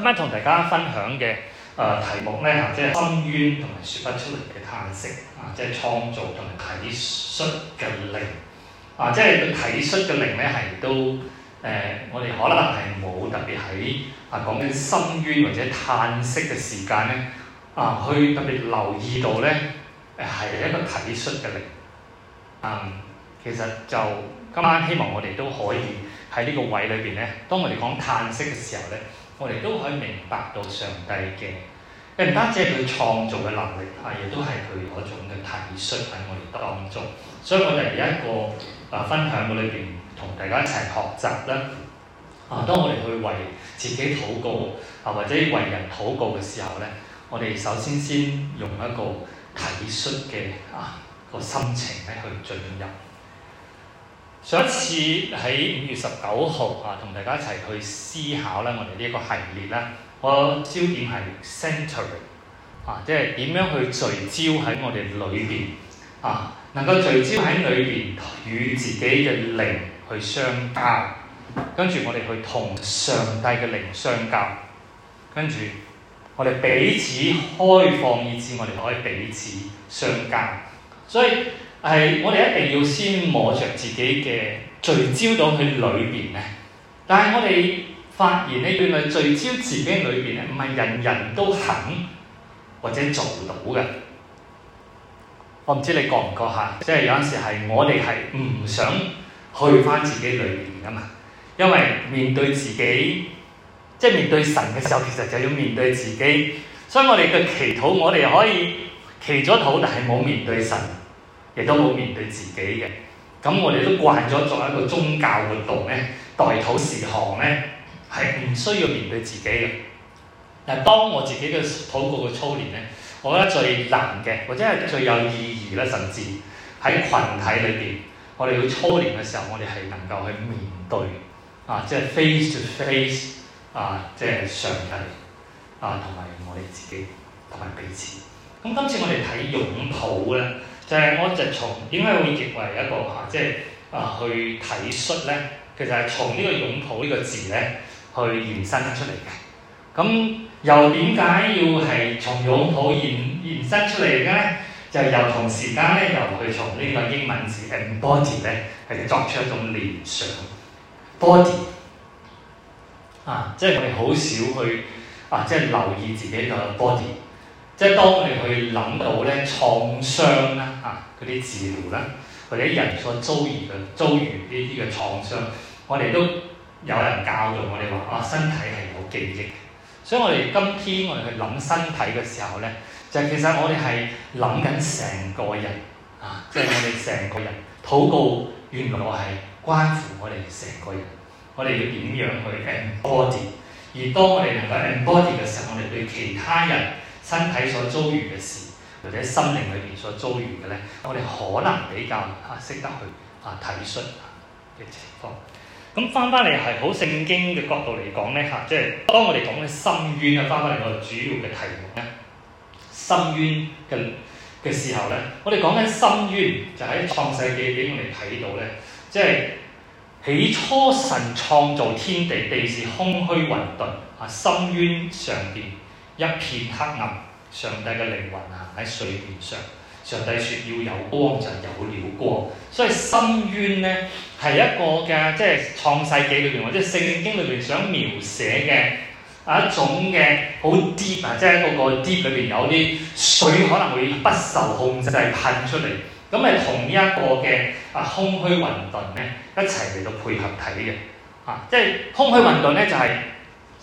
今晚同大家分享嘅誒、呃、題目咧即係深淵同埋説不出嚟嘅嘆息啊，即係創造同埋體恤嘅靈啊，即係體恤嘅靈咧，係都誒、呃，我哋可能係冇特別喺啊講緊深淵或者嘆息嘅時間咧啊，去特別留意到咧係一個體恤嘅靈啊，其實就今晚希望我哋都可以喺呢個位裏邊咧，當我哋講嘆息嘅時候咧。我哋都可以明白到上帝嘅，誒唔單止係佢創造嘅能力啊，亦都係佢嗰種嘅體恤喺我哋當中。所以我哋而一個啊分享嘅裏邊，同大家一齊學習啦。啊，當我哋去為自己禱告啊，或者為人禱告嘅時候咧，我哋首先先用一個體恤嘅啊個心情咧去進入。上一次喺五月十九號啊，同大家一齊去思考啦，我哋呢一個系列啦，我焦點係 century 啊，即係點樣去聚焦喺我哋裏邊啊，能夠聚焦喺裏邊與自己嘅靈去相交，跟住我哋去同上帝嘅靈相交，跟住我哋彼此開放，以至我哋可以彼此相交，所以。係，我哋一定要先摸着自己嘅聚焦到佢裏邊咧。但係我哋發現呢原來聚焦自己裏邊咧，唔係人人都肯或者做到嘅。我唔知你覺唔覺吓？即係有陣時係我哋係唔想去返自己裏邊㗎嘛。因為面對自己，即係面對神嘅時候，其實就要面對自己。所以我哋嘅祈禱，我哋可以祈咗禱，但係冇面對神。亦都冇面對自己嘅，咁我哋都慣咗作一個宗教活動咧，代禱事項咧係唔需要面對自己嘅。但係當我自己嘅禱告嘅操練咧，我覺得最難嘅，或者係最有意義啦，甚至喺群體裏邊，我哋要操練嘅時候，我哋係能夠去面對啊，即係 face to face 啊，即係上帝啊，同埋我哋自己同埋彼此。咁今次我哋睇擁抱咧。就係我就從點解會認為一個啊，即係啊,、就是、啊去體恤呢。其實係從呢個擁抱呢個字呢去延伸出嚟嘅。咁又點解要係從擁抱延伸出嚟嘅咧？就由同時間呢，又去從呢個英文字 body 咧，去作出一種聯想 body 啊，即、就、係、是、我哋好少去啊，即、就、係、是、留意自己個 body。即係當我哋去諗到咧創傷啦，嚇嗰啲治療啦，或者人所遭遇嘅遭遇呢啲嘅創傷，我哋都有人教育我哋話：啊，身體係有記憶嘅。所以我哋今天我哋去諗身體嘅時候咧，就係、其實我哋係諗緊成個人啊，即係我哋成個人。禱、啊就是、告原來係關乎我哋成個人，我哋要點樣去 embodied？而當我哋能夠 embodied 嘅時候，我哋對其他人，身體所遭遇嘅事，或者心靈裏邊所遭遇嘅咧，我哋可能比較啊識得去啊體恤嘅情況。咁翻翻嚟係好聖經嘅角度嚟講咧嚇，即係當我哋講嘅深淵啊，翻翻嚟我主要嘅題目咧，深淵嘅嘅時候咧，我哋講嘅深淵就喺、是、創世記嘅點我哋睇到咧？即係起初神創造天地，地是空虛混沌啊，深淵上邊。一片黑暗，上帝嘅靈魂行喺水面上。上帝説：要有光，就有了光。所以深淵咧係一個嘅，即係創世記裏邊或者聖經裏邊想描寫嘅啊一種嘅好 deep 啊，即係一個個 deep 裏邊有啲水可能會不受控制噴出嚟。咁係同一個嘅啊空虛混沌咧一齊嚟到配合睇嘅啊，即係空虛混沌咧就係、是、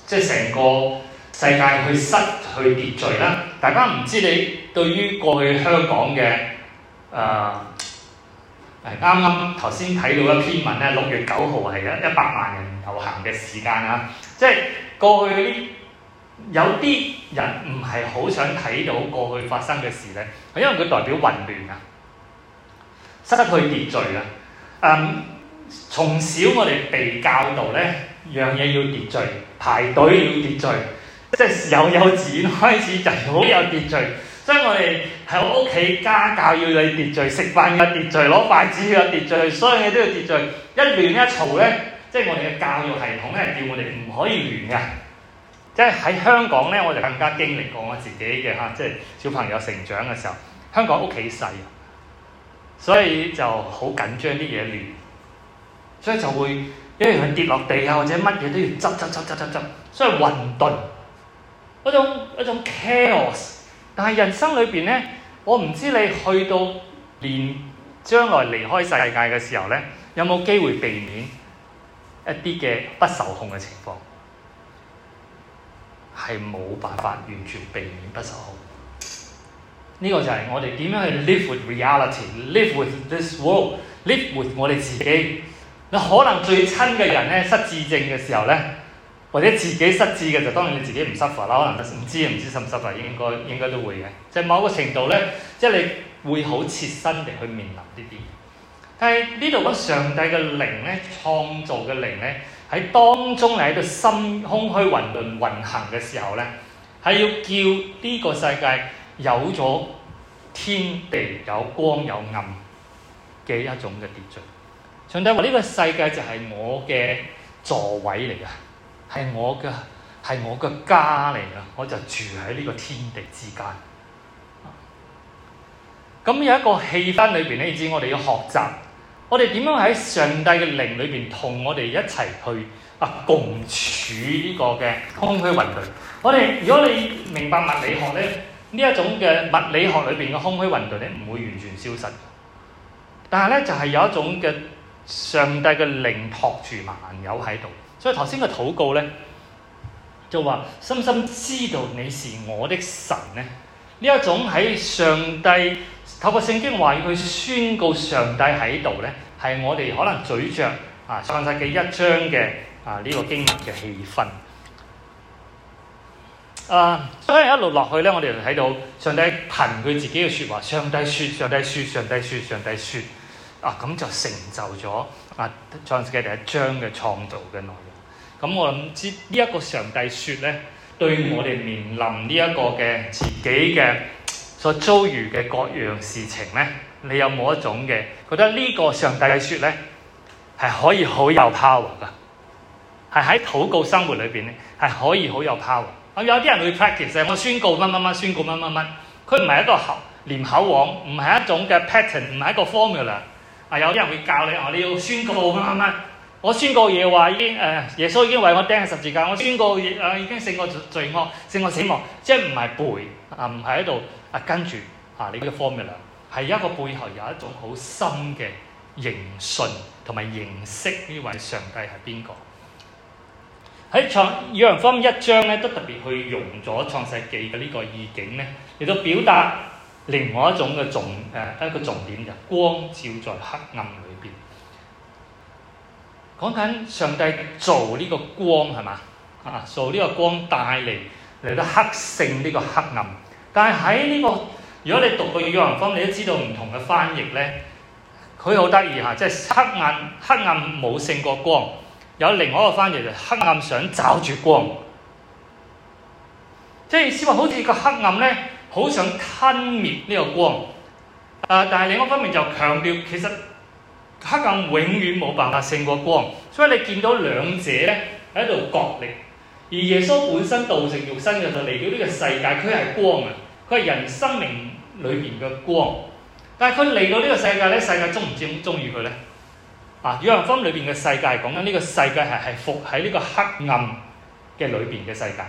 即係成個。世界去失去秩序啦！大家唔知你對於過去香港嘅誒啱啱頭先睇到一篇文咧，六月九號係有一百萬人遊行嘅時間啊！即係過去呢有啲人唔係好想睇到過去發生嘅事咧，因為佢代表混亂啊，失去秩序啊！誒、嗯，從小我哋被教導咧，樣嘢要秩序，排隊要秩序。即係由幼稚園開始就好有秩序，所以我哋喺屋企家教要你秩序，食飯要有秩序，攞筷子要有秩序，所有嘢都要秩序。一亂一嘈咧，即係我哋嘅教育系統咧係叫我哋唔可以亂㗎。即係喺香港咧，我哋更加經歷過我自己嘅嚇、啊，即係小朋友成長嘅時候，香港屋企細，所以就好緊張啲嘢亂，所以就會因為跌落地啊，或者乜嘢都要執執執執執執，所以混沌。一種一種 chaos，但係人生裏邊呢，我唔知你去到連將來離開世界嘅時候呢，有冇機會避免一啲嘅不受控嘅情況？係冇辦法完全避免不受控的。呢、這個就係我哋點樣去 live with reality，live with this world，live with 我哋自己。你可能最親嘅人呢，失智症嘅時候呢。或者自己失智嘅就當然你自己唔失發啦，可能唔知唔知失唔失發，應該應該都會嘅。即係某個程度咧，即係你會好切身地去面臨呢啲。但係呢度講上帝嘅靈咧，創造嘅靈咧，喺當中你喺度心空虛混沌運行嘅時候咧，係要叫呢個世界有咗天地有光有暗嘅一種嘅秩序。上帝話：呢個世界就係我嘅座位嚟嘅。係我嘅，係我嘅家嚟㗎，我就住喺呢個天地之間。咁有一個氣氛裏邊，你知我哋要學習，我哋點樣喺上帝嘅靈裏邊同我哋一齊去啊共處呢個嘅空虛混沌。我哋如果你明白物理學咧，呢一種嘅物理學裏邊嘅空虛混沌咧，唔會完全消失，但係咧就係有一種嘅上帝嘅靈託住萬有喺度。所以頭先嘅禱告咧，就話深深知道你是我的神咧。呢一種喺上帝透過聖經話語去宣告上帝喺度咧，係我哋可能咀嚼啊創世記一章嘅啊呢個經文嘅氣氛。啊，所以一路落去咧，我哋就睇到上帝憑佢自己嘅説話，上帝説，上帝説，上帝説，上帝説，啊咁就成就咗啊創世記第一章嘅創造嘅內容。咁我諗知呢一個上帝説咧，對我哋面臨呢一個嘅自己嘅所遭遇嘅各樣事情咧，你有冇一種嘅覺得呢個上帝嘅説咧係可以好有 power 噶？係喺禱告生活裏邊咧係可以好有 power。啊有啲人會 practice，我宣告乜乜乜，宣告乜乜乜，佢唔係一個唸口簧，唔係一種嘅 pattern，唔係一個 formula。啊，有啲人會教你話你要宣告乜乜乜。我宣告嘢話，已啲誒耶穌已經為我釘十字架，我宣告誒、呃、已經勝過罪惡，勝過死亡，即係唔係背啊？唔係喺度啊？跟住啊，你呢個 formula 係一個背後有一種好深嘅認信同埋認識呢位上帝係邊個？喺創以人方一章咧，都特別去融咗創世記嘅呢個意境咧，亦都表達另外一種嘅重誒、呃、一個重點嘅光照在黑暗裏邊。講緊上帝造呢個光係嘛？啊，造呢個光帶嚟嚟到黑勝呢個黑暗。但係喺呢個，如果你讀過《約翰福音》，你都知道唔同嘅翻譯咧，佢好得意嚇，即係黑暗黑暗冇勝過光。有另外一個翻譯就，黑暗想找住光，即係意思話好似個黑暗咧，好想吞滅呢個光。誒，但係另外一方面就強調其實。黑暗永遠冇辦法勝過光，所以你見到兩者咧喺度角力。而耶穌本身道成肉身嘅就嚟到呢個世界，佢係光啊，佢係人生命裏邊嘅光。但係佢嚟到呢個世界咧，世界中唔知中意佢咧。啊，約翰福音裏邊嘅世界講緊呢個世界係係伏喺呢個黑暗嘅裏邊嘅世界，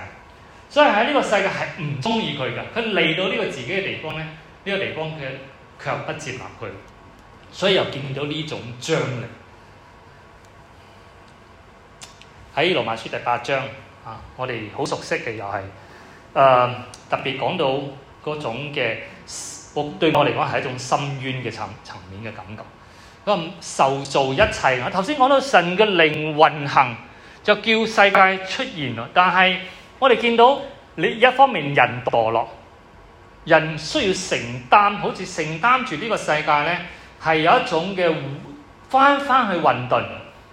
所以喺呢個世界係唔中意佢嘅。佢嚟到呢個自己嘅地方咧，呢、呢個地方佢卻不接納佢。所以又見到呢種張力喺羅馬書第八章啊，我哋好熟悉嘅又係誒特別講到嗰種嘅，我對我嚟講係一種深淵嘅層層面嘅感覺。咁受造一切，我頭先講到神嘅靈運行就叫世界出現啦。但係我哋見到你一方面人墮落，人需要承擔，好似承擔住呢個世界呢。係有一種嘅翻翻去混沌。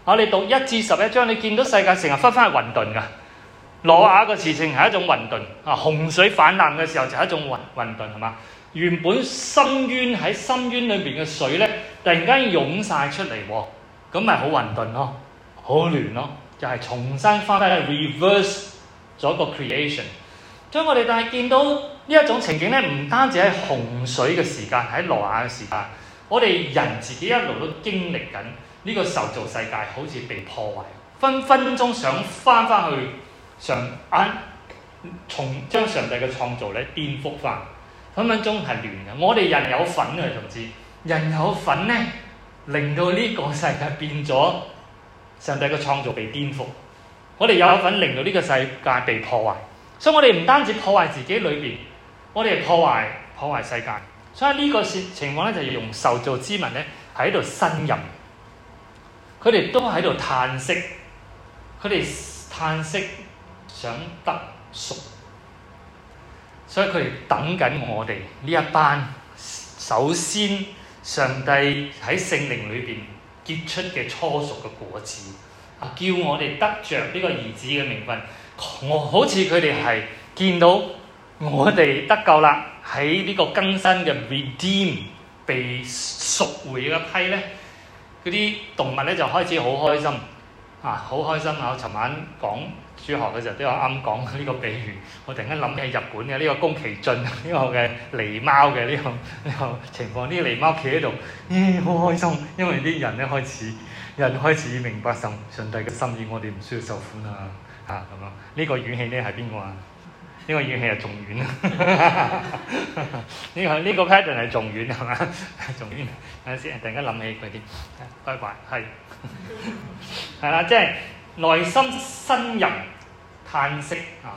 我、啊、哋讀一至十一章，你見到世界成日翻翻去混沌嘅。攞雅嘅事情係一種混沌啊！洪水泛濫嘅時候就係一種混混沌，係嘛？原本深淵喺深淵裏邊嘅水咧，突然間湧晒出嚟，咁咪好混沌咯，好亂咯，就係、是、重新翻翻去、啊、reverse 咗個 creation。嗯、所以我哋但係見到呢一種情景咧，唔單止喺洪水嘅時間，喺攞雅嘅時間。我哋人自己一路都經歷緊呢個受造世界，好似被破壞，分分鐘想翻翻去上，從將上帝嘅創造咧顛覆翻，分分鐘係亂嘅。我哋人有份，啊，同志，人有份呢，令到呢個世界變咗上帝嘅創造被顛覆。我哋有份令到呢個世界被破壞，所以我哋唔單止破壞自己裏邊，我哋係破壞破壞世界。所以呢個情情況咧，就用受造之民呢，喺度呻吟，佢哋都喺度嘆息，佢哋嘆息想得熟，所以佢哋等緊我哋呢一班，首先上帝喺聖靈裏邊結出嘅初熟嘅果子，叫我哋得着呢個兒子嘅名分，我好似佢哋係見到我哋得救啦。喺呢個更新嘅 redeem 被贖回嘅一批咧，嗰啲動物咧就開始好開心，啊好開心啊！我尋晚講哲學嘅時候都有啱講呢個比喻，我突然間諗起日本嘅呢、這個宮崎駿呢個嘅狸貓嘅呢個呢、這個情況，啲、這個、狸貓企喺度，咦、哎、好開心，因為啲人咧開始人開始明白上上帝嘅心意，我哋唔需要受苦啊，嚇咁樣。呢個語氣咧係邊個啊？呢個語氣又仲遠啦，呢個呢個 pattern 係仲遠係嘛？仲遠，等陣先，突然間諗起佢啲，唔該，係，係啦，即係內心呻吟、嘆息啊。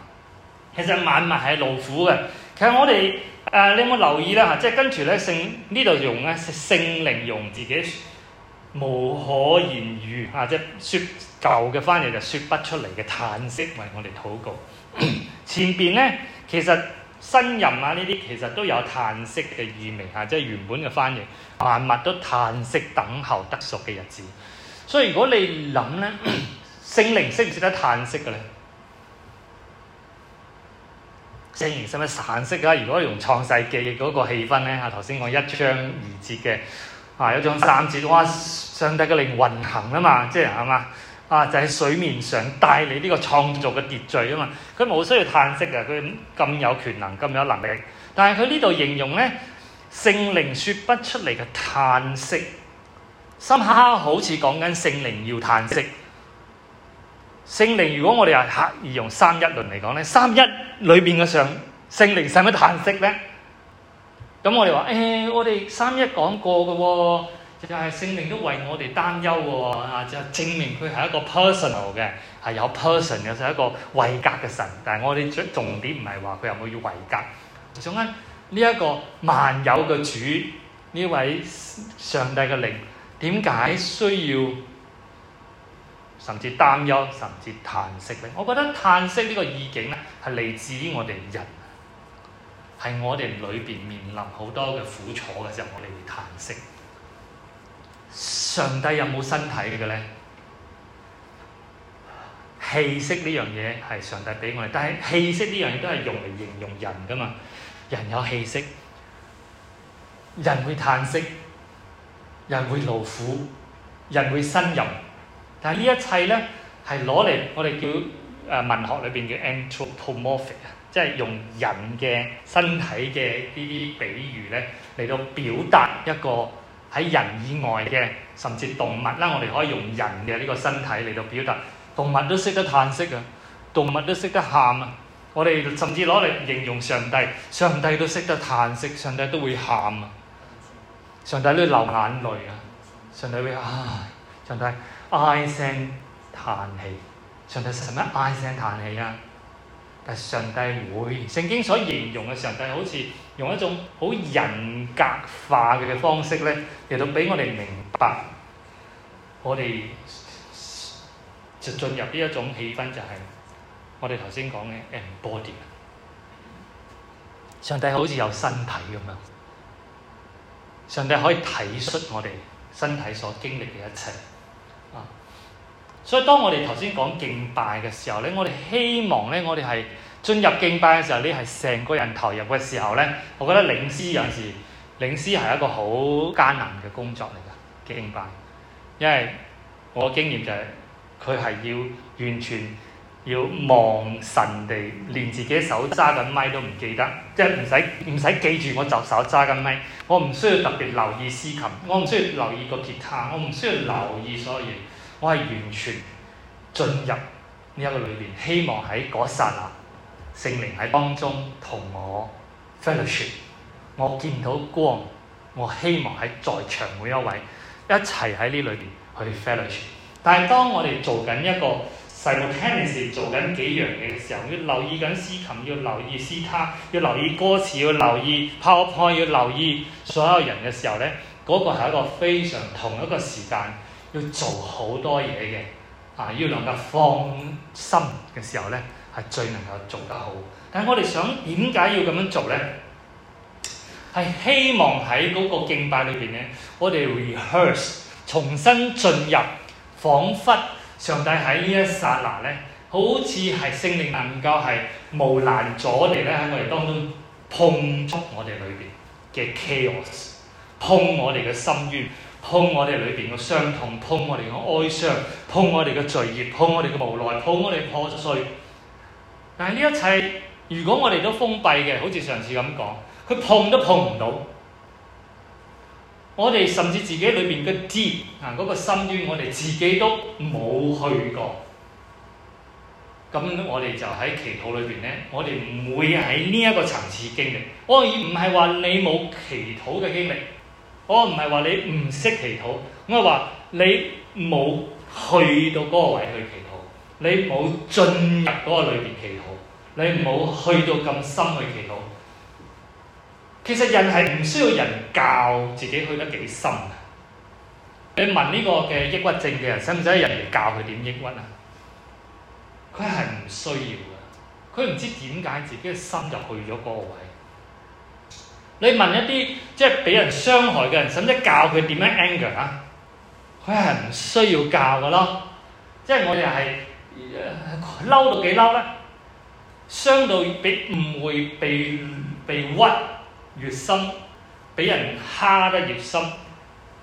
其實萬物係勞苦嘅。其實我哋誒、呃，你有冇留意咧嚇？即係跟住咧聖呢度用咧聖靈用自己無可言喻啊，即係説舊嘅翻譯就説不出嚟嘅嘆息為我哋禱告。 前邊呢，其實呻吟啊呢啲其實都有嘆息嘅意味嚇、啊，即係原本嘅翻譯，萬物都嘆息等候得贖嘅日子。所以如果你諗、啊、呢，聖靈識唔識得嘆息嘅咧？聖靈識唔識嘆息啊？如果用創世記嗰個氣氛呢，嚇、啊，頭先我一章二節嘅嚇，一章三節嘅哇！上帝嘅靈運行啊嘛，即係係嘛？啊！就係、是、水面上帶你呢個創造嘅秩序啊嘛，佢冇需要嘆息啊！佢咁有權能，咁有能力，但係佢呢度形容呢聖靈説不出嚟嘅嘆息，心哈哈好似講緊聖靈要嘆息。聖靈如果我哋係刻意用三一論嚟講呢，三一裏面嘅上聖靈使乜嘆息呢？咁我哋話誒，我哋三一講過嘅喎、哦。又係聖靈都為我哋擔憂嘅喎，啊就證明佢係一個 personal 嘅，係有 person 嘅，就係一個位格嘅神。但係我哋著重點唔係話佢有冇要位格。總之呢一個萬有嘅主，呢位上帝嘅靈，點解需要甚至擔憂，甚至嘆息咧？我覺得嘆息呢個意境咧，係嚟自於我哋人，係我哋裏邊面臨好多嘅苦楚嘅時候，我哋會嘆息。上帝有冇身體嘅咧？氣息呢樣嘢係上帝畀我哋，但係氣息呢樣嘢都係用嚟形容人㗎嘛。人有氣息，人會嘆息，人會勞苦，人會呻吟。但係呢一切咧，係攞嚟我哋叫誒，文學裏邊叫 Anthropomorphic 啊，即係用人嘅身體嘅呢啲比喻咧嚟到表達一個。喺人以外嘅，甚至動物啦，我哋可以用人嘅呢個身體嚟到表達。動物都識得嘆息啊，動物都識得喊啊。我哋甚至攞嚟形容上帝，上帝都識得嘆息，上帝都會喊啊，上帝都會流眼淚啊，上帝會啊，上帝唉聲嘆氣，上帝使乜唉聲嘆氣啊？但上帝會，聖經所形容嘅上帝好似用一種好人格化嘅方式咧，嚟到畀我哋明白我我，我哋就進入呢一種氣氛，就係我哋頭先講嘅 embodied 上帝好似有身體咁樣，上帝可以體恤我哋身體所經歷嘅一切。所以當我哋頭先講敬拜嘅時候咧，我哋希望咧，我哋係進入敬拜嘅時候，你係成個人投入嘅時候咧，我覺得領詩有時領詩係一個好艱難嘅工作嚟㗎，敬拜，因為我經驗就係佢係要完全要望神地連自己手揸緊咪都唔記得，即係唔使唔使記住我執手揸緊咪。我唔需要特別留意司琴，我唔需要留意個吉他，我唔需要留意所有嘢。我係完全進入呢一個裏面，希望喺嗰剎那，聖靈喺當中同我 fellowship 我見到光，我希望喺在,在場每一位一齊喺呢裏邊去 fellowship 但係當我哋做緊一個細幕 tennis 做緊幾樣嘢嘅時候，要留意緊司琴，要留意司他，要留意歌詞，要留意 power point，要留意所有人嘅時候咧，嗰、嗰個係一個非常同一個時間。要做好多嘢嘅，啊，要能夠放心嘅時候咧，係最能夠做得好。但係我哋想，點解要咁樣做咧？係希望喺嗰個敬拜裏邊咧，我哋 rehearse 重新進入，彷彿上帝喺呢一剎那咧，好似係聖靈能夠係無難阻地咧喺我哋當中碰觸我哋裏邊嘅 chaos，碰我哋嘅心淵。碰我哋裏邊嘅傷痛，碰我哋嘅哀傷，碰我哋嘅罪孽，碰我哋嘅無奈，碰我哋破碎。但係呢一切，如果我哋都封閉嘅，好似上次咁講，佢碰都碰唔到。我哋甚至自己裏邊嘅 d 啊，嗰個深淵，我哋自己都冇去過。咁我哋就喺祈禱裏邊咧，我哋唔會喺呢一個層次經歷。我而唔係話你冇祈禱嘅經歷。我唔係話你唔識祈禱，我係話你冇去到嗰個位去祈禱，你冇進入嗰個裏面祈禱，你冇去到咁深去祈禱。其實人係唔需要人教自己去得幾深嘅。你問呢個嘅抑鬱症嘅人，使唔使人哋教佢點抑鬱啊？佢係唔需要㗎，佢唔知點解自己嘅心就去咗嗰個位。你問一啲即係畀人傷害嘅人，使唔使教佢點樣 anger 啊？佢係唔需要教嘅咯。即係我哋係嬲到幾嬲咧？傷到越被誤會、被被屈越深，畀人蝦得越深，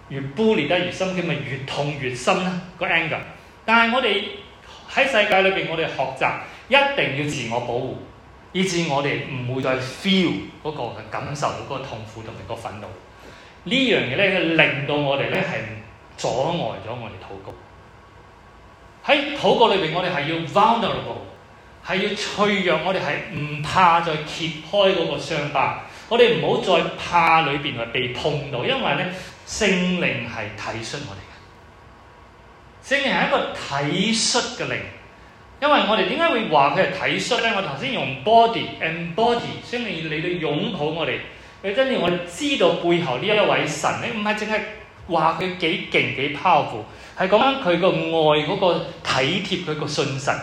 越 bully 得越深，噉咪越痛越深咧個 anger。但係我哋喺世界裏邊，我哋學習一定要自我保護。以致我哋唔會再 feel 嗰個感受，到嗰個痛苦同埋個憤怒。呢樣嘢咧，令到我哋咧係阻礙咗我哋禱告。喺禱告裏邊，我哋係要 vulnerable，係要脆弱，我哋係唔怕再揭開嗰個傷疤。我哋唔好再怕裏邊係被碰到，因為咧聖靈係體恤我哋嘅。聖靈係一個體恤嘅靈。因為我哋點解會話佢係體恤咧？我頭先用 body and body，先以你哋擁抱我哋。佢跟住我哋知道背後呢一位神，咧唔係淨係話佢幾勁幾 powerful，係講緊佢個愛嗰個體貼，佢、嗰個信神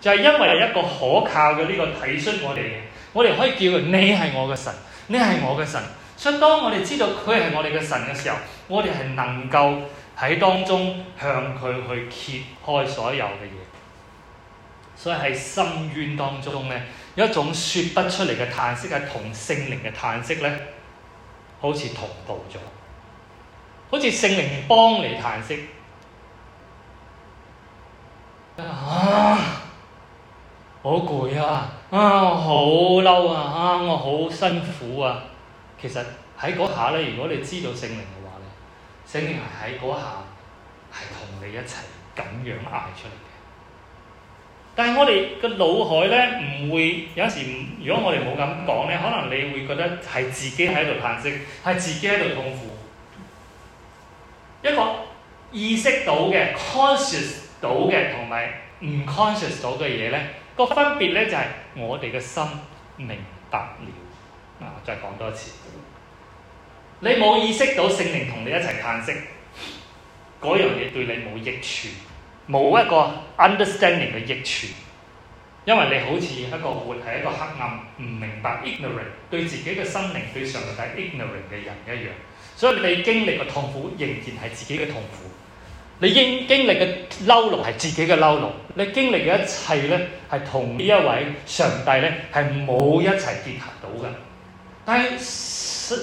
就係、是、因為一個可靠嘅呢個體恤我哋嘅。我哋可以叫佢你係我嘅神，你係我嘅神。所以當我哋知道佢係我哋嘅神嘅時候，我哋係能夠喺當中向佢去揭開所有嘅嘢。所以喺深淵當中呢，有一種説不出嚟嘅嘆息，係同聖靈嘅嘆息呢好似同步咗，好似聖靈幫你嘆息。啊！好攰啊！啊，我好嬲啊！啊，我好辛苦啊！其實喺嗰下呢，如果你知道聖靈嘅話呢，聖靈係喺嗰下係同你一齊咁樣嗌出嚟。但係我哋個腦海咧，唔會有時唔，如果我哋冇咁講咧，可能你會覺得係自己喺度嘆息，係自己喺度痛苦。一個意識到嘅、conscious 到嘅，同埋唔 conscious 到嘅嘢咧，個分別咧就係我哋嘅心明白了。嗱，再講多次，你冇意識到聖靈同你一齊嘆息，嗰樣嘢對你冇益處。冇一個 understanding 嘅益處，因為你好似一個活係一個黑暗，唔明白 ignorant，對自己嘅心靈，對上帝 ignorant 嘅人一樣，所以你經歷嘅痛苦仍然係自己嘅痛苦，你應經歷嘅嬲怒係自己嘅嬲怒，你經歷嘅一切咧係同呢一位上帝咧係冇一齊結合到嘅。但係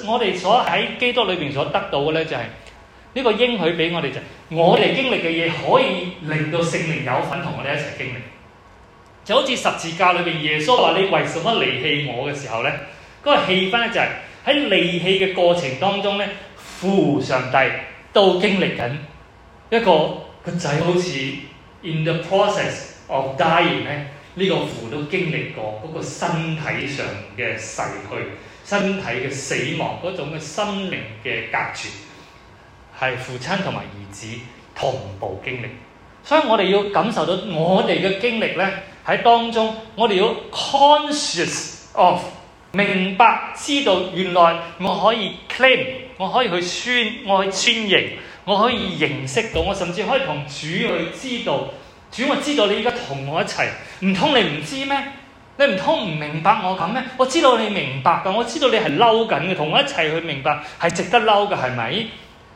我哋所喺基督裏邊所得到嘅咧就係呢個應許俾我哋就。我哋經歷嘅嘢可以令到聖靈有份同我哋一齊經歷，就好似十字架裏邊耶穌話：你為什麼離棄我嘅時候咧，嗰個氣氛咧就係喺離棄嘅過程當中咧，父上帝都經歷緊一個個仔好似 in the process of dying 咧，呢個父都經歷過嗰個身體上嘅逝去、身體嘅死亡嗰種嘅心靈嘅隔絕。係父親同埋兒子同步經歷，所以我哋要感受到我哋嘅經歷咧喺當中，我哋要 conscious of 明白知道原來我可以 claim，我可以去穿，我去穿營，我可以認識到，我甚至可以同主去知道主，我知道你而家同我一齊，唔通你唔知咩？你唔通唔明白我咁咩？我知道你明白㗎，我知道你係嬲緊嘅，同我一齊去明白係值得嬲㗎，係咪？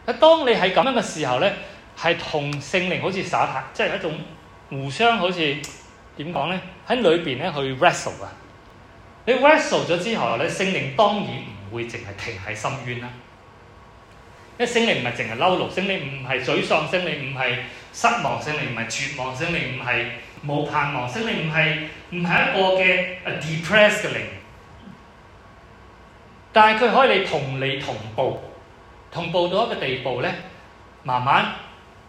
啊！當你係咁樣嘅時候咧，係同聖靈好似耍下，即係一種互相好似點講咧？喺裏邊咧去 wrestle 啊！你 wrestle 咗之後咧，聖靈當然唔會淨係停喺深淵啦。因為聖靈唔係淨係嬲怒，聖靈唔係沮喪，聖靈唔係失望，聖靈唔係絕望，聖靈唔係冇盼望，聖靈唔係唔係一個嘅 depressed 嘅靈。但係佢可以嚟同你同步。同步到一個地步咧，慢慢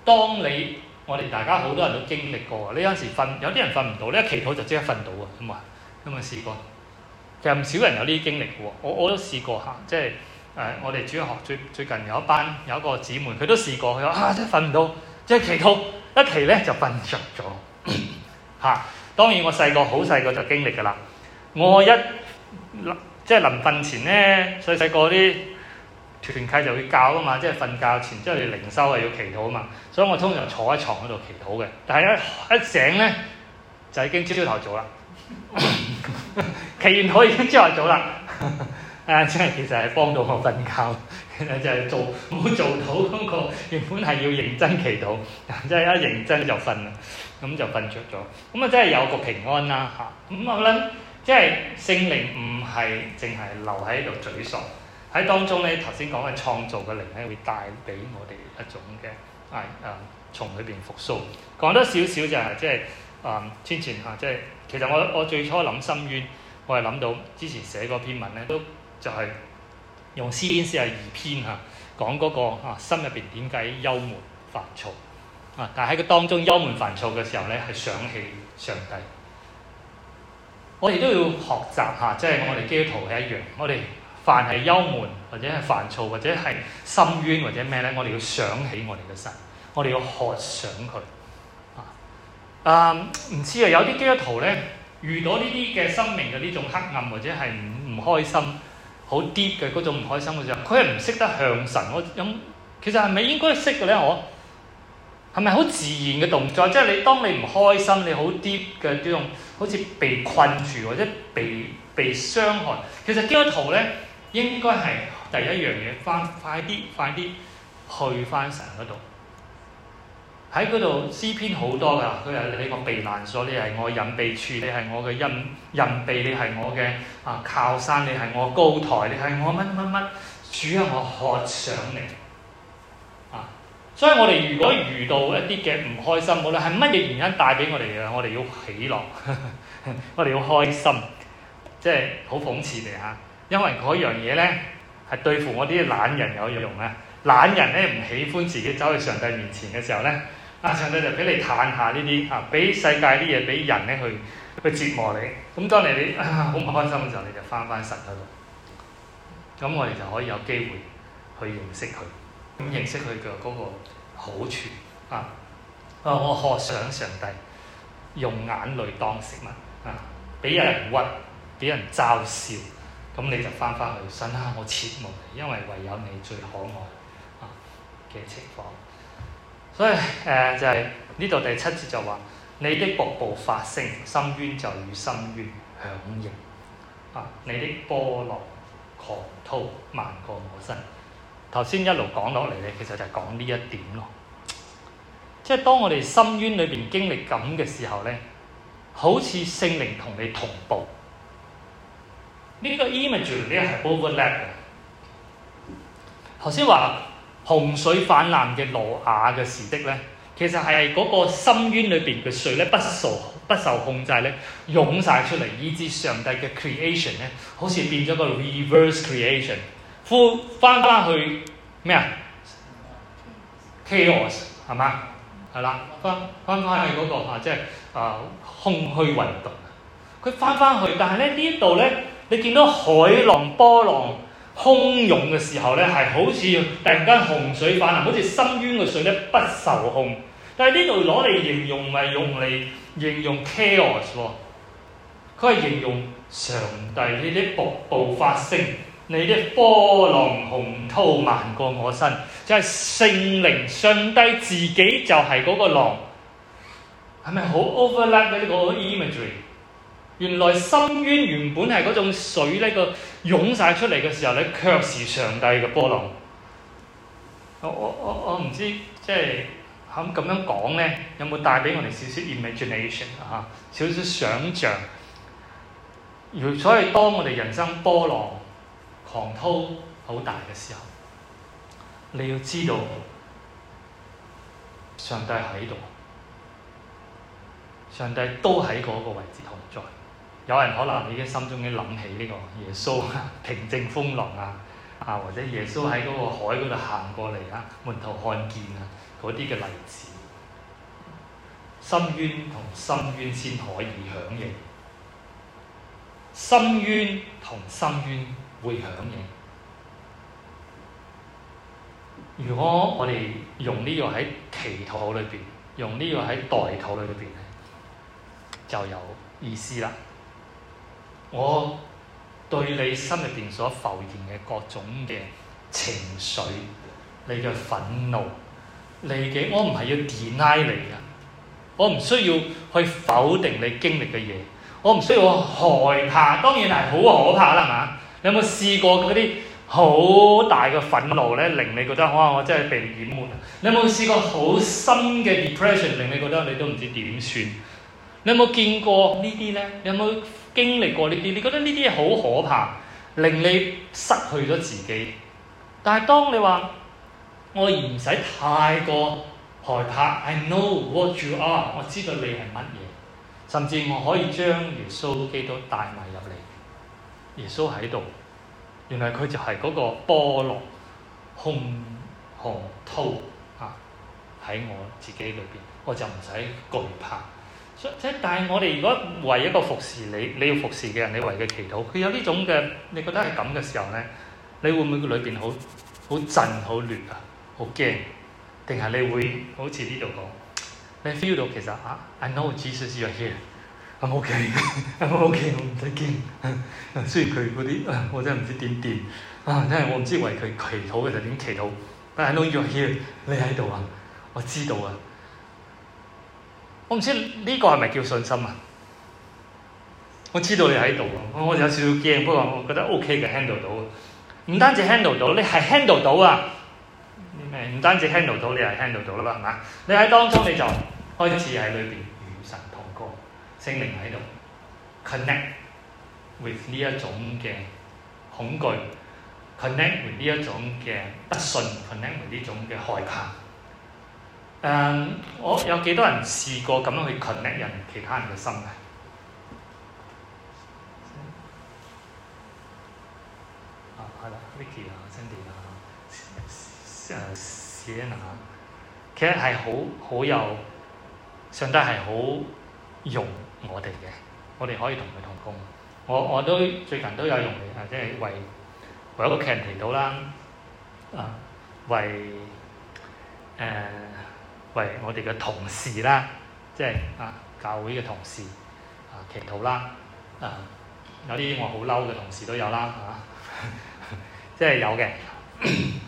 當你我哋大家好多人都經歷過，呢陣時瞓有啲人瞓唔到咧，一祈禱就即刻瞓到啊！咁啊，有冇試過？其實唔少人有呢啲經歷喎，我我都試過嚇，即係誒我哋主要學最最近有一班有一個姊妹，佢都試過，佢話啊，真係瞓唔到，即係祈禱一祈咧就瞓着咗嚇。 當然我細個好細個就經歷㗎啦，我一即係臨瞓前咧，細細個啲。團契就會教啊嘛，即係瞓覺前之後，靈修係要祈禱啊嘛，所以我通常坐喺床嗰度祈禱嘅。但係一一醒咧，就已經朝朝頭早啦，祈 完禱已經朝頭早啦。啊，即係其實係幫到我瞓覺， 其實就係做冇做到嗰、那個原本係要認真祈禱，即 係一認真就瞓啦，咁就瞓着咗。咁啊，真係有個平安啦嚇。咁、嗯、我諗，即係聖靈唔係淨係留喺度沮喪。喺當中咧，頭先講嘅創造嘅靈咧，會帶俾我哋一種嘅誒誒從裏邊復甦。講多少少就係即係誒先前嚇，即係、嗯啊、其實我我最初諗深淵，我係諗到之前寫個篇文咧，都就係用詩篇四十二篇嚇講嗰、那個、啊、心入邊點解幽悶煩躁啊！但喺個當中幽悶煩躁嘅時候咧，係想起上帝。我哋都要學習下，即、就、係、是、我哋基督徒係一樣，嗯、我哋。凡係憂悶或者係煩躁或者係深淵或者咩咧，我哋要想起我哋嘅神，我哋要渴想佢。啊，唔知啊，有啲基督徒咧遇到呢啲嘅生命嘅呢種黑暗或者係唔唔開心、好 deep 嘅嗰種唔開心嘅時候，佢係唔識得向神。我咁、嗯、其實係咪應該識嘅咧？我係咪好自然嘅動作？即係你當你唔開心，你 deep 好 deep 嘅嗰種好似被困住或者被被傷害，其實基督徒咧。應該係第一樣嘢，翻快啲，快啲去翻神嗰度，喺嗰度詩篇好多㗎，佢係你個避難所，你係我隱秘處，你係我嘅隱隱秘，你係我嘅啊靠山，你係我高台，你係我乜乜乜，主啊，我渴上嚟。啊！所以我哋如果遇到一啲嘅唔開心，無論係乜嘢原因帶俾我哋嘅，我哋要喜樂， 我哋要開心，即係好諷刺你。嚇、啊。因為嗰樣嘢呢，係對付我啲懶人有用啊！懶人咧，唔喜歡自己走去上帝面前嘅時候呢啊，上帝就俾你嘆下呢啲啊，俾世界啲嘢俾人咧去去折磨你。咁、啊、當你你好唔開心嘅時候，你就翻返神度。咁我哋就可以有機會去認識佢，咁認識佢嘅嗰個好處啊。啊，我渴想上帝用眼淚當食物啊，俾人屈，俾人嘲笑。咁你就翻返去身啦，我切望你，因為唯有你最可愛嘅情況。所以誒、呃、就係呢度第七節就話，你的瀑布發聲，深淵就與深淵響應、啊、你的波浪狂濤漫過我身。頭先一路講落嚟咧，其實就係講呢一點咯。即係當我哋深淵裏邊經歷咁嘅時候咧，好似聖靈同你同步。呢個 image 咧係 overlap 嘅。頭先話洪水泛濫嘅羅亞嘅時刻咧，其實係嗰個深淵裏邊嘅水咧，不受不受控制咧，湧晒出嚟，以至上帝嘅 cre creation 咧，好似變咗個 reverse creation，呼翻翻去咩啊 chaos，係嘛係啦，翻翻翻去嗰個即係啊、呃、空虛混沌佢翻翻去，但係咧呢度咧。你見到海浪波浪洶湧嘅時候呢係好似突然間洪水泛濫，好似深淵嘅水呢不受控。但係呢度攞嚟形容，咪用嚟形容 chaos 喎。佢係形容上帝你啲瀑布發聲，你啲波浪洪濤漫過我身，就係、是、聖靈、上帝自己就係嗰個浪，係咪好 overlap 嗰啲個 imagery？原來深淵原本係嗰種水，呢個湧晒出嚟嘅時候呢，卻是上帝嘅波浪。我我我我唔知即係咁咁樣講呢，有冇帶俾我哋少少 imagination 啊？少少想像。如所以，當我哋人生波浪狂濤好大嘅時候，你要知道上帝喺度，上帝都喺嗰個位置。有人可能已經心中已經諗起呢個耶穌啊，平靜風浪啊，啊或者耶穌喺嗰個海嗰度行過嚟啊，門徒看見啊嗰啲嘅例子，深淵同深淵先可以響應，深淵同深淵會響應。如果我哋用呢個喺祈禱裏邊，用呢個喺代禱裏邊，就有意思啦。我對你心入邊所浮現嘅各種嘅情緒，你嘅憤怒、你嘅，我唔係要 deny 你噶，我唔需要去否定你經歷嘅嘢，我唔需要害怕，當然係好可怕啦，係嘛？你有冇試過嗰啲好大嘅憤怒咧，令你覺得哇、哦，我真係被淹沒？你有冇試過好深嘅 depression，令你覺得你都唔知點算？你有冇見過呢啲咧？你有冇？經歷過呢啲，你覺得呢啲好可怕，令你失去咗自己。但係當你話我而唔使太過害怕，I know what you are，我知道你係乜嘢，甚至我可以將耶穌基督帶埋入嚟。耶穌喺度，原來佢就係嗰個波浪、洪、洪濤啊！喺我自己裏邊，我就唔使懼怕。但係我哋如果為一個服侍你，你要服侍嘅人，你為佢祈禱，佢有呢種嘅，你覺得係咁嘅時候咧，你會唔會佢裏邊好好震、好亂啊，好驚？定係你會好似呢度講，你 feel 到其實啊，I know Jesus is here，I'm OK，I'm OK，我唔使驚。雖然佢嗰啲啊，我真係唔知點掂啊，因為我唔知為佢祈禱嘅時候點祈禱，但係 I know you're here，你喺度啊，我知道啊。我唔知呢個係咪叫信心啊？我知道你喺度啊，我有少少驚，不過我覺得 O K 嘅 handle 到。唔單止 handle 到，你係 handle 到啊！唔單止 handle 到，你係 handle 到啦嘛？係嘛？你喺當中你就開始喺裏邊與神同歌，聖靈喺度 connect with 呢一種嘅恐懼，connect with 呢一種嘅不信，connect with 呢種嘅害怕。誒，um, 我有幾多人試過咁樣去 connect 人其他人嘅心啊？係啦，Vicky 啊，Cindy 啊，誒 Selena 啊，其實係好好有上帝係好用我哋嘅，我哋可以同佢同工。我我都最近都有用嘅，即係為為一個劇團到啦，啊，為誒。呃為我哋嘅同事啦，即係啊，教會嘅同事啊，祈禱啦，啊，有啲我好嬲嘅同事都有啦，嚇， 即係有嘅，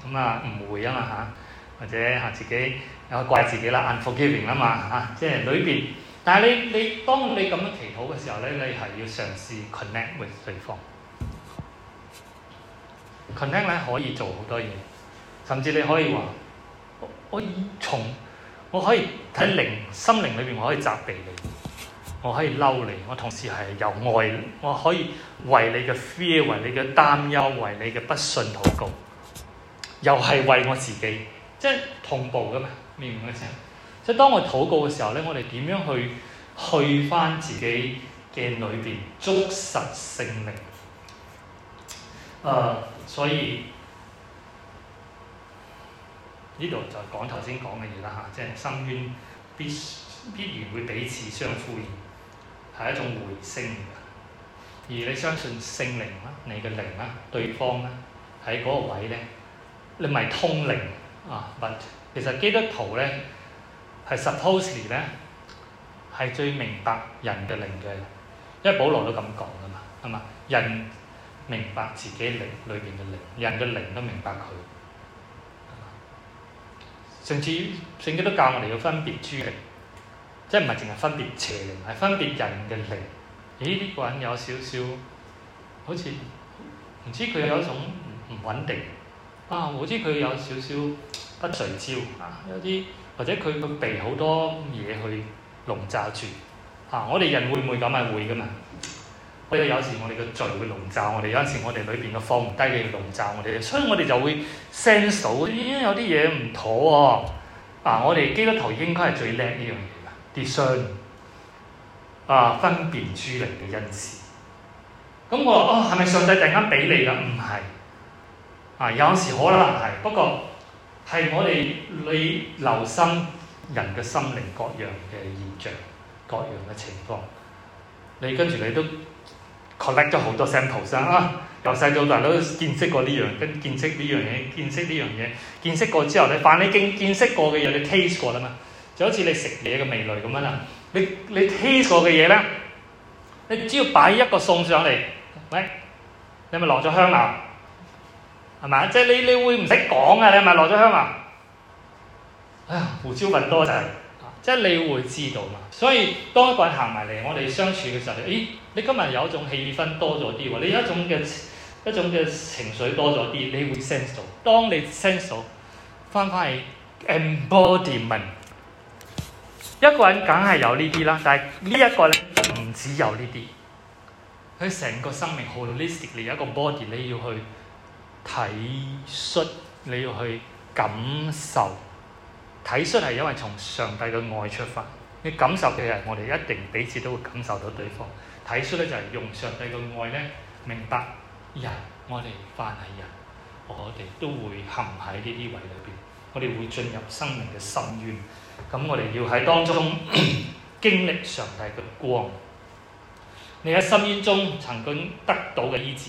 咁啊，誤會啊嘛嚇，或者嚇自己又怪自己啦，unforgiving 啊嘛嚇、啊，即係裏邊，但係你你當你咁樣祈禱嘅時候咧，你係要嘗試 connect with 對方，connect 咧、啊 啊、可以做好多嘢，甚至你可以話，我我以從我可以喺靈心靈裏邊，我可以責備你，我可以嬲你，我同時係由愛，我可以為你嘅 fear，為你嘅擔憂，為你嘅不信禱告，又係為我自己，即係同步㗎嘛，明唔明嗰啲？即係當我禱告嘅時候咧，我哋點樣去去返自己嘅裏邊，築實聖靈。誒、uh，所以。呢度就講頭先講嘅嘢啦嚇，即係深淵必必然會彼此相呼應，係一種回聲嚟嘅。而你相信聖靈啦，你嘅靈啦，對方咧喺嗰個位咧，你咪通靈啊。But 其實基督徒咧係 supposedly 咧係最明白人嘅靈嘅，因為保羅都咁講㗎嘛，係嘛？人明白自己靈裏邊嘅靈，人嘅靈都明白佢。上次聖經都教我哋要分別諸靈，即係唔係淨係分別邪靈，係分別人嘅靈。咦，呢個人有少少，好似唔知佢有一種唔穩定。啊，我知佢有少少不隨焦啊，有啲或者佢被好多嘢去籠罩住。啊，我哋人會唔會咁啊？係會噶嘛。我哋有時我哋嘅罪會籠罩我哋，有陣時我哋裏邊嘅放唔低嘅要籠罩我哋，所以我哋就會 sense 到咦，有啲嘢唔妥喎、啊。啊，我哋基督徒應該係最叻呢樣嘢嘅，啲傷啊，分辨諸靈嘅恩賜。咁、啊、我話哦，係、啊、咪上帝突然間畀你啦？唔係啊，有陣時可能係，不過係我哋你留心人嘅心靈各樣嘅現象，各樣嘅情況，你跟住你都 collect 咗好多 samples 啊！由細到大都見識過呢樣，跟見識呢樣嘢，見識呢樣嘢，見識過之後，你凡你見見識過嘅嘢，你 taste 過啦嘛，就好似你食嘢嘅味蕾咁樣啦。你你 taste 過嘅嘢咧，你只要擺一個送上嚟，喂，你咪落咗香油，係咪？即係你你會唔識講啊？你咪落咗香油，哎呀，胡椒粉多陣，即係你會知道。所以當一個人行埋嚟，我哋相處嘅時候，誒，你今日有一種氣氛多咗啲，你有一種嘅一種嘅情緒多咗啲，你會 sense 到。當你 sense 到，翻翻去 embodiment，一個人梗係有呢啲啦，但係呢一個咧唔止有呢啲，佢成個生命 holistically，你有一個 body，你要去體恤，你要去感受。體恤係因為從上帝嘅愛出發。你感受嘅人，我哋一定彼此都會感受到對方睇出咧，書就係用上帝嘅愛咧，明白人，我哋凡係人，我哋都會陷喺呢啲位裏邊，我哋會進入生命嘅深淵，咁我哋要喺當中 經歷上帝嘅光。你喺深淵中曾經得到嘅恩賜，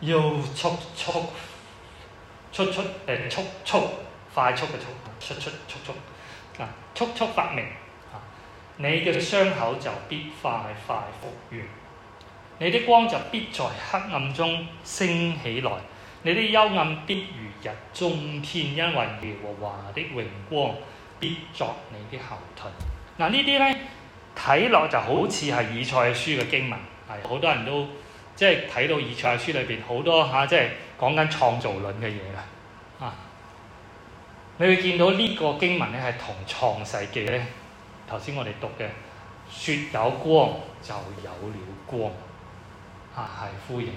要速速速出誒速速快速嘅速速速速速速速,速,速,速,速,速,速速發明。你嘅傷口就必快快復原，你的光就必在黑暗中升起來，你的幽暗必如日中天，因為耶和華的榮光必作你的後盾。嗱、啊，呢啲呢睇落就好似係以賽書嘅經文，係好多人都即係睇到以賽書裏邊好多嚇、啊，即係講緊創造論嘅嘢啦。啊，你會見到呢個經文咧係同創世記咧。頭先我哋讀嘅，說有光就有了光，嚇係呼應，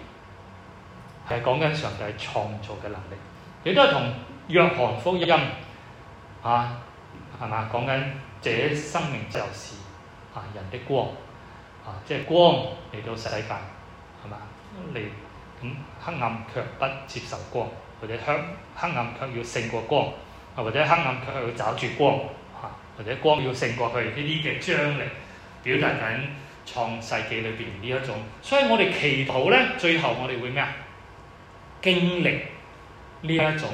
係講緊上帝創造嘅能力。亦都係同約翰福音，嚇係嘛講緊這生命就是啊人的光，啊即係光嚟到世界係嘛嚟咁黑暗卻不接受光，或者黑黑暗卻要勝過光，或者黑暗卻要找住光。或者光耀勝過去呢啲嘅張力，表達緊創世記裏邊呢一種，所以我哋祈禱咧，最後我哋會咩啊？經歷呢一種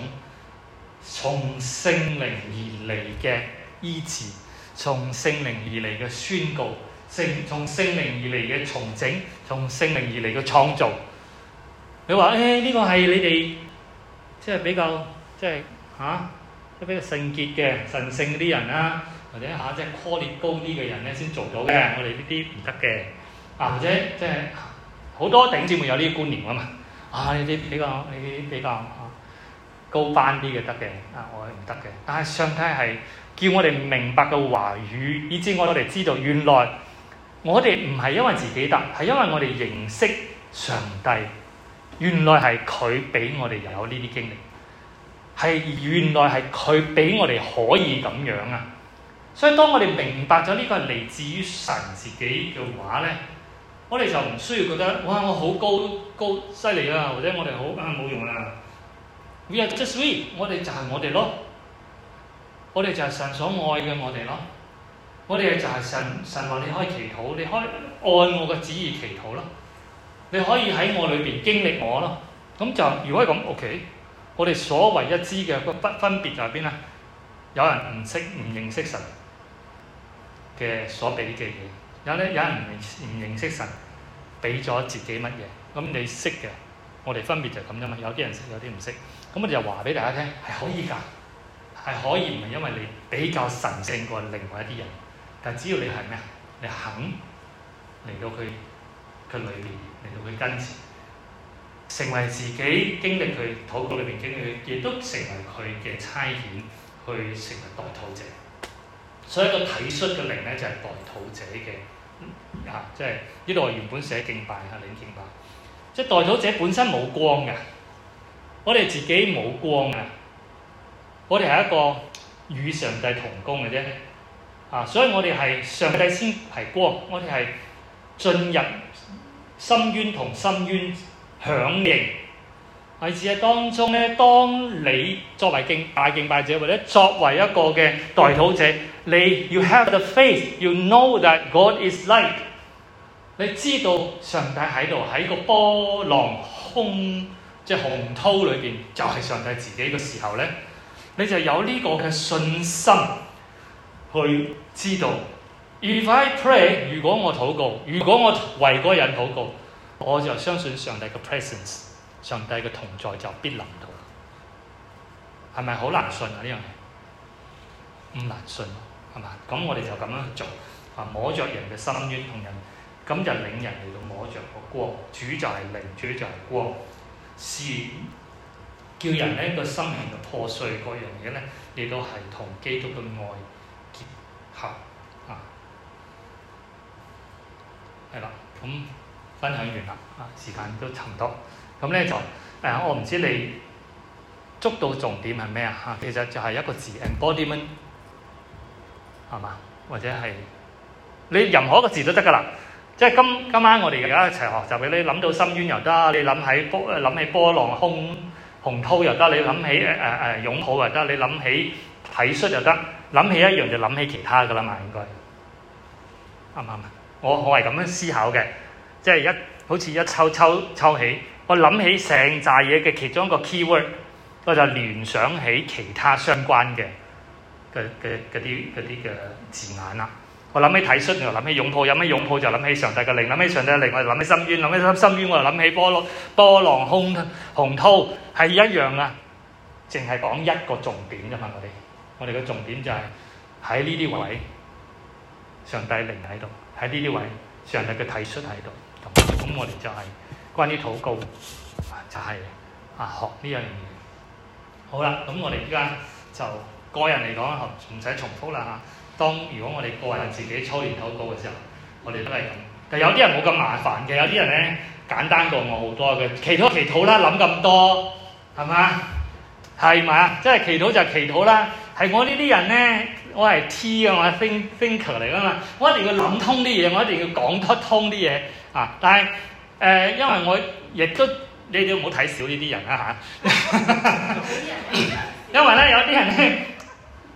從聖靈而嚟嘅醫治，從聖靈而嚟嘅宣告，聖從聖靈而嚟嘅重整，從聖靈而嚟嘅創造。你話誒呢個係你哋即係比較即係嚇，啊、即係比較聖潔嘅神聖啲人啦、啊。或者嚇、啊，即係 call 列高啲嘅人咧，先做到嘅。我哋呢啲唔得嘅啊，或者即係好多頂子會有呢啲觀念啊嘛啊，啲比較，啲比較高班啲嘅得嘅啊，我唔得嘅。但係上帝係叫我哋明白嘅話語，以致我哋知道原來我哋唔係因為自己得，係因為我哋認識上帝。原來係佢俾我哋有呢啲經歷，係原來係佢俾我哋可以咁樣啊！所以當我哋明白咗呢個係嚟自於神自己嘅話咧，我哋就唔需要覺得，哇我好高高犀利啦，或者我哋好啊冇用啦。We are just we，我哋就係我哋咯，我哋就係神所愛嘅我哋咯，我哋就係神神話你可以祈禱，你可以按我嘅旨意祈禱咯，你可以喺我裏邊經歷我咯。咁就如果係咁，OK，我哋所謂一知嘅個分分別就係邊咧？有人唔識唔認識神。嘅所俾嘅嘢，有咧有人唔唔認識神，俾咗自己乜嘢？咁你識嘅，我哋分別就咁啫嘛。有啲人識，有啲唔識。咁我哋就話俾大家聽，係可以㗎，係可以。唔係因為你比較神聖過另外一啲人，但係只要你係咩啊？你肯嚟到佢佢裏邊嚟到佢跟前，成為自己經歷佢禱告裏邊經歷，亦都成為佢嘅差遣，去成為代禱者。所以一個體恤嘅靈咧，就係代禱者嘅，啊，即係呢度原本寫敬拜嚇，領敬拜，即係代禱者本身冇光嘅，我哋自己冇光嘅，我哋係一個與上帝同工嘅啫，啊，所以我哋係上帝先係光，我哋係進入深淵同深淵響應。喺字嘅當中咧，當你作為敬拜敬拜者，或者作為一個嘅代禱者，你要 have the faith，要 you know that God is light。你知道上帝喺度喺個波浪洶即洪濤裏面，就係、是、上帝自己嘅時候咧，你就有呢個嘅信心去知道。If I pray，如果我禱告，如果我為嗰人禱告，我就相信上帝嘅 presence。上帝嘅同在就必臨到，係咪好難信啊？呢樣嘢唔難信，係嘛？咁我哋就咁樣去做啊！摸着人嘅心淵同人，咁就領人嚟到摸着個光，主就係靈，主就係光，是叫人呢個心靈就破碎，各樣嘢呢，亦都係同基督嘅愛結合哈啊。係啦，咁分享完啦，啊、嗯，時間都差唔多。咁咧就誒、呃，我唔知你捉到重點係咩啊嚇？其實就係一個字，embodiment 係嘛，或者係你任何一個字都得噶啦。即係今今晚我哋而家一齊學習畀你諗到深淵又得，你諗起波諗起波浪，空洪濤又得，你諗起誒誒誒擁抱又得，你諗起體恤又得，諗起一樣就諗起其他噶啦嘛，應該啱唔啱啊？我我係咁樣思考嘅，即係一好似一抽抽抽起，我諗起成扎嘢嘅其中一個 keyword，我就聯想起其他相關嘅嘅嘅啲啲嘅字眼啦。我諗起體恤，又諗起擁抱，有咩擁抱就諗起上帝嘅靈。諗起上帝嘅靈，我就諗起深淵，諗起深深淵，我哋諗起波浪波浪洶洪濤係一樣啊！淨係講一個重點啫嘛，我哋我哋嘅重點就係喺呢啲位上帝靈喺度，喺呢啲位上帝嘅體恤喺度。咁我哋就係。關於禱告就係、是、啊學呢樣嘢。好啦，咁我哋而家就個人嚟講，唔使重複啦嚇。當如果我哋個人自己操練禱告嘅時候，我哋都係咁。但有啲人冇咁麻煩嘅，有啲人咧簡單過我好多嘅，祈禱祈禱啦，諗咁多係嘛？係嘛？即係祈禱就祈禱啦。係我呢啲人咧，我係 T 啊，我係 think thinker 嚟㗎嘛，我一定要諗通啲嘢，我一定要講得通啲嘢啊！但係誒、呃，因為我亦都你哋唔好睇少呢啲人啊嚇，哈哈 因為咧有啲人咧，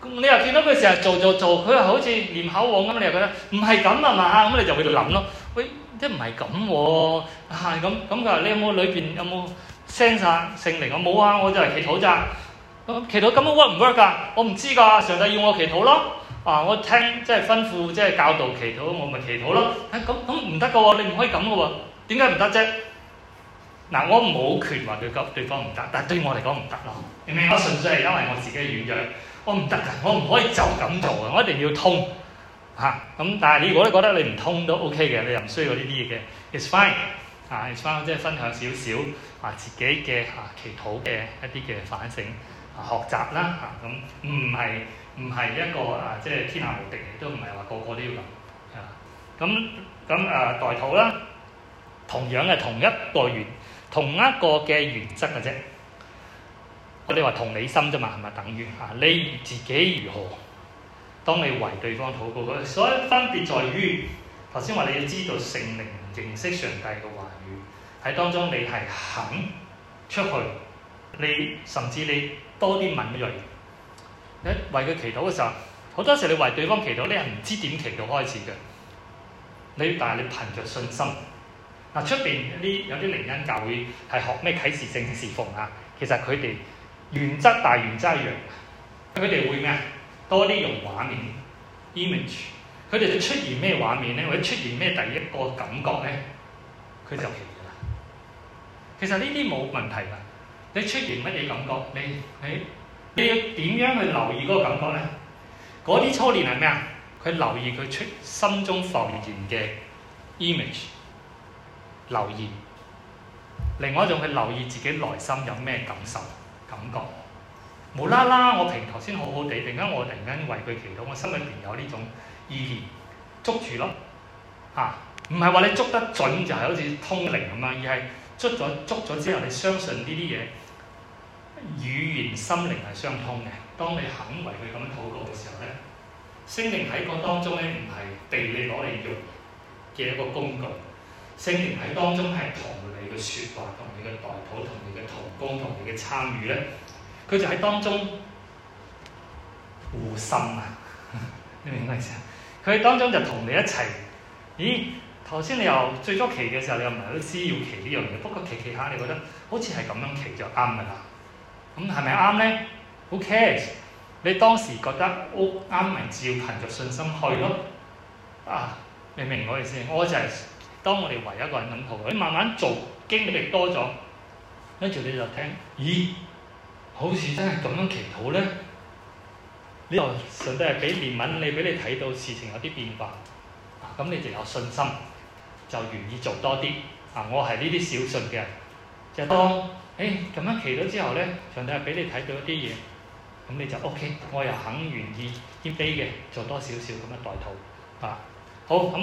咁你又見到佢成日做做做，佢又好似念口簧咁，你又覺得唔係咁啊嘛，咁你就會諗咯，喂，即係唔係咁喎？嚇、啊，咁咁佢話你有冇裏邊有冇 sense 聖靈？我冇啊，我就係祈禱咋、啊，祈禱咁樣 work 唔 work 㗎？我唔知㗎，上帝要我祈禱咯，啊，我聽即係吩咐即係教導祈禱，我咪祈禱咯。誒、啊，咁咁唔得㗎喎，你唔可以咁㗎喎。點解唔得啫？嗱，我冇權話對，對方對方唔得，但係對我嚟講唔得咯，明唔明？我純粹係因為我自己軟弱，我唔得㗎，我唔可以就咁做㗎，我一定要通嚇。咁、啊、但係你如果你覺得你唔通都 OK 嘅，你又唔需要呢啲嘢嘅，it's fine, 啊 It's fine 啊小小。啊，it's fine，即係分享少少啊，自己嘅啊祈禱嘅一啲嘅反省啊學習啦嚇咁，唔係唔係一個啊即係天下無敵都唔係話個個都要咁啊。咁、啊、咁啊，代禱啦。啊同樣係同一個原，同一個嘅原則嘅啫。你話同理心啫嘛，係咪等於啊？你自己如何？當你為對方禱告，所以分別在於頭先話你要知道聖靈認識上帝嘅話語，喺當中你係肯出去，你甚至你多啲敏銳。你為佢祈禱嘅時候，好多時你為對方祈禱，你係唔知點祈禱開始嘅。你但係你憑着信心。嗱，出邊啲有啲靈恩教會係學咩啟示性事奉啊？其實佢哋原則，大原則一樣，佢哋會咩啊？多啲用畫面 image，佢哋出現咩畫面咧，或者出現咩第一個感覺咧，佢就其實呢啲冇問題㗎，你出現乜嘢感覺，你你你要點樣去留意嗰個感覺咧？嗰啲初練係咩啊？佢留意佢出心中浮現嘅 image。留意，另外一種係留意自己內心有咩感受、感覺。無啦啦，我平頭先好好地，突然間我突然間為佢祈禱，我心裏邊有呢種意念，捉住咯嚇。唔係話你捉得準就係好似通靈咁樣，而係捉咗捉咗之後，你相信呢啲嘢語言、心靈係相通嘅。當你肯為佢咁樣禱告嘅時候咧，聖靈喺個當中咧唔係被你攞嚟用嘅一個工具。聖靈喺當中係同你嘅説話，同你嘅代禱，同你嘅同工，同你嘅參與咧，佢就喺當中互心啊！ 你明唔明意思啊？佢喺當中就同你一齊。咦，頭先你又最初祈嘅時候，你又唔係好知要祈呢樣嘢，不過祈祈下，你覺得好似係咁樣祈就啱噶啦。咁係咪啱咧？Who cares，你當時覺得屋啱咪，照要憑著信心去咯。啊，你明我意思？我就係當我哋唯一一個人咁求你慢慢做，經歷多咗，跟住你就聽，咦，好似真係咁樣祈禱咧？呢個純粹係俾憐憫你憐憫，俾你睇到事情有啲變化，啊，咁你就有信心，就願意做多啲。啊，我係呢啲小信嘅，就當，誒、哎、咁樣祈禱之後咧，純粹係俾你睇到一啲嘢，咁你就 OK，我又肯願意謙卑嘅，做多少少咁樣代禱。啊，好。